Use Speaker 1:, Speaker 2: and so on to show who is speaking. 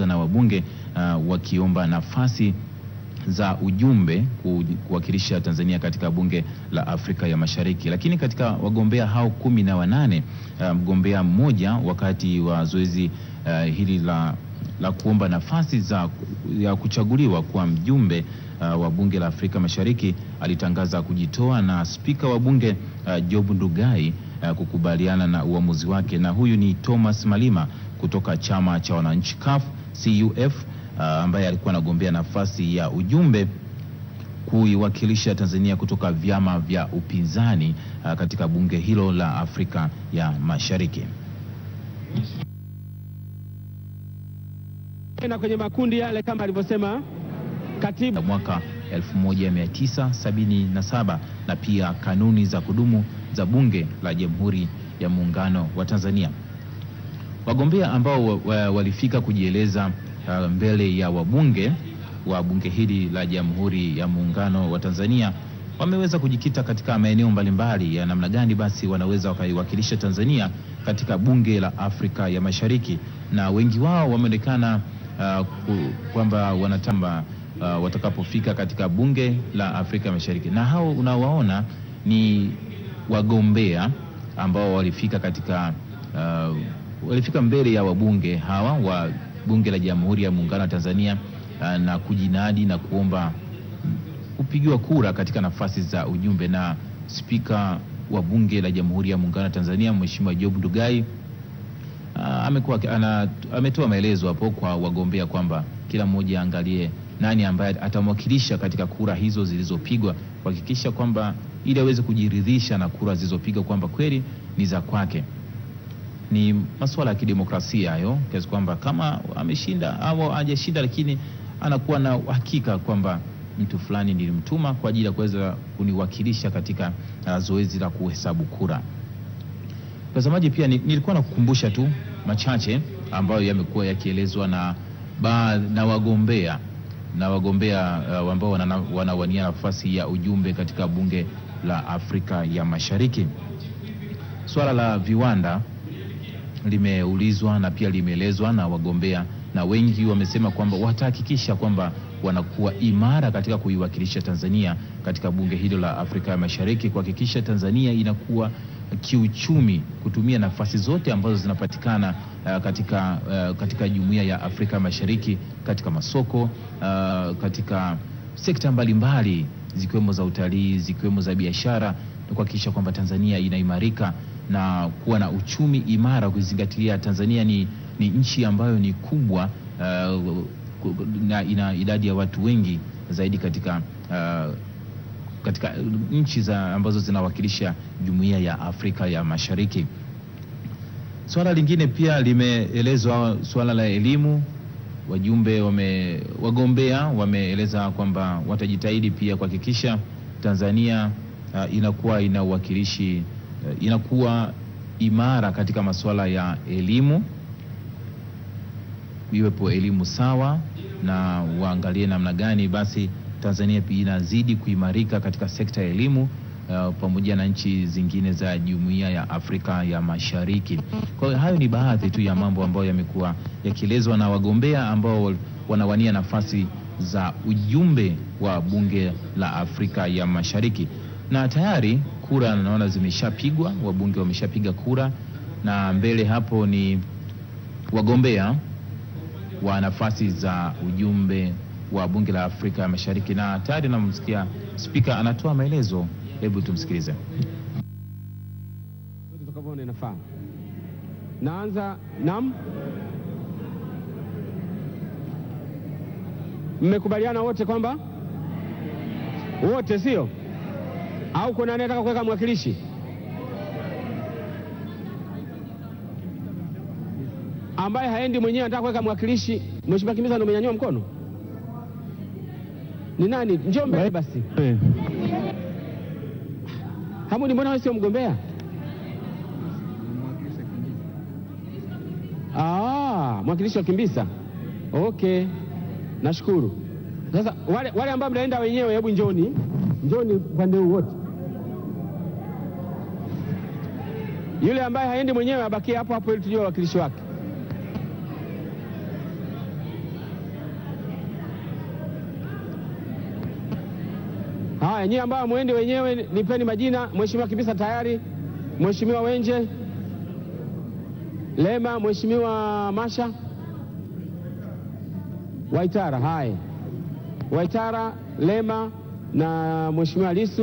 Speaker 1: na wabunge uh, wakiomba nafasi za ujumbe kuwakilisha Tanzania katika bunge la Afrika ya Mashariki. Lakini katika wagombea hao kumi na wanane uh, mgombea um, mmoja wakati wa zoezi uh, hili la, la kuomba nafasi za ya kuchaguliwa kwa mjumbe uh, wa bunge la Afrika Mashariki alitangaza kujitoa na spika wa bunge uh, Job Ndugai uh, kukubaliana na uamuzi wake, na huyu ni Thomas Malima kutoka chama cha wananchi CUF. CUF uh, ambaye alikuwa anagombea nafasi ya ujumbe kuiwakilisha Tanzania kutoka vyama vya upinzani uh, katika bunge hilo la Afrika ya Mashariki. Na kwenye makundi yale kama alivyosema katibu mwaka 1977 na pia kanuni za kudumu za bunge la Jamhuri ya Muungano wa Tanzania. Wagombea ambao wa, wa, walifika kujieleza uh, mbele ya wabunge wa bunge hili la Jamhuri ya Muungano wa Tanzania wameweza kujikita katika maeneo mbalimbali ya namna gani basi wanaweza wakaiwakilisha Tanzania katika bunge la Afrika ya Mashariki, na wengi wao wameonekana uh, kwamba wanatamba uh, watakapofika katika bunge la Afrika ya Mashariki, na hao unaowaona ni wagombea ambao walifika katika uh, walifika mbele ya wabunge hawa wa bunge la Jamhuri ya Muungano wa Tanzania ah, na kujinadi na kuomba kupigiwa kura katika nafasi za ujumbe, na spika wa bunge la Jamhuri ya Muungano wa Tanzania Mheshimiwa Job Ndugai ah, amekuwa ametoa maelezo hapo kwa wagombea kwamba kila mmoja aangalie nani ambaye atamwakilisha katika kura hizo zilizopigwa, kuhakikisha kwamba ili aweze kujiridhisha na kura zilizopigwa kwamba kweli ni za kwake ni masuala ya kidemokrasia hayo, kiasi kwamba kama ameshinda au hajashinda, lakini anakuwa na hakika kwamba mtu fulani nilimtuma kwa ajili ya kuweza kuniwakilisha katika uh, zoezi la kuhesabu kura. Mtazamaji, pia nilikuwa nakukumbusha tu machache ambayo yamekuwa yakielezwa na, na wagombea na wagombea uh, ambao wanawania nafasi ya ujumbe katika bunge la Afrika ya Mashariki. Swala la viwanda limeulizwa na pia limeelezwa na wagombea, na wengi wamesema kwamba watahakikisha kwamba wanakuwa imara katika kuiwakilisha Tanzania katika bunge hilo la Afrika ya Mashariki, kuhakikisha Tanzania inakuwa kiuchumi kutumia nafasi zote ambazo zinapatikana uh, katika uh, katika jumuiya ya Afrika Mashariki, katika masoko uh, katika sekta mbalimbali mbali zikiwemo za utalii, zikiwemo za biashara na kuhakikisha kwamba Tanzania inaimarika na kuwa na uchumi imara, kuzingatia Tanzania ni, ni nchi ambayo ni kubwa uh, na ina idadi ya watu wengi zaidi katika uh, katika nchi za ambazo zinawakilisha jumuiya ya Afrika ya Mashariki. Swala lingine pia limeelezwa, swala la elimu. Wajumbe wame, wagombea wameeleza kwamba watajitahidi pia kuhakikisha Tanzania uh, inakuwa ina uwakilishi uh, inakuwa imara katika masuala ya elimu, iwepo elimu sawa, na waangalie namna gani basi Tanzania pia inazidi kuimarika katika sekta ya elimu uh, pamoja na nchi zingine za Jumuiya ya Afrika ya Mashariki. Kwa hiyo hayo ni baadhi tu ya mambo ambayo yamekuwa yakielezwa na wagombea ambao wanawania nafasi za ujumbe wa bunge la Afrika ya Mashariki, na tayari kura naona zimeshapigwa, wabunge wameshapiga kura, na mbele hapo ni wagombea wa nafasi za ujumbe wa bunge la Afrika ya Mashariki, na tayari namsikia spika anatoa maelezo. Hebu tumsikilize.
Speaker 2: Naanza nam, mmekubaliana wote kwamba wote, sio au kuna anayetaka kuweka mwakilishi ambaye haendi mwenyewe, anataka kuweka mwakilishi? Mheshimiwa Kimiza, ndio umenyanyua mkono? Ni nani? Njoo mbele basi. Eh. Hamudi, mbona wewe sio mgombea? Ah, mwakilishi wa Kimbisa. Okay, nashukuru. Sasa wale, wale ambao mnaenda wenyewe, hebu njoni, njoni upande huu wote. Yule ambaye haendi mwenyewe abakie hapo hapo ili tujue wakilishi wake. Haya, nyie ambayo mwende wenyewe nipeni majina. Mheshimiwa Kibisa tayari, Mheshimiwa Wenje Lema, Mheshimiwa Masha Waitara. Haya, Waitara, Lema na Mheshimiwa Lisu.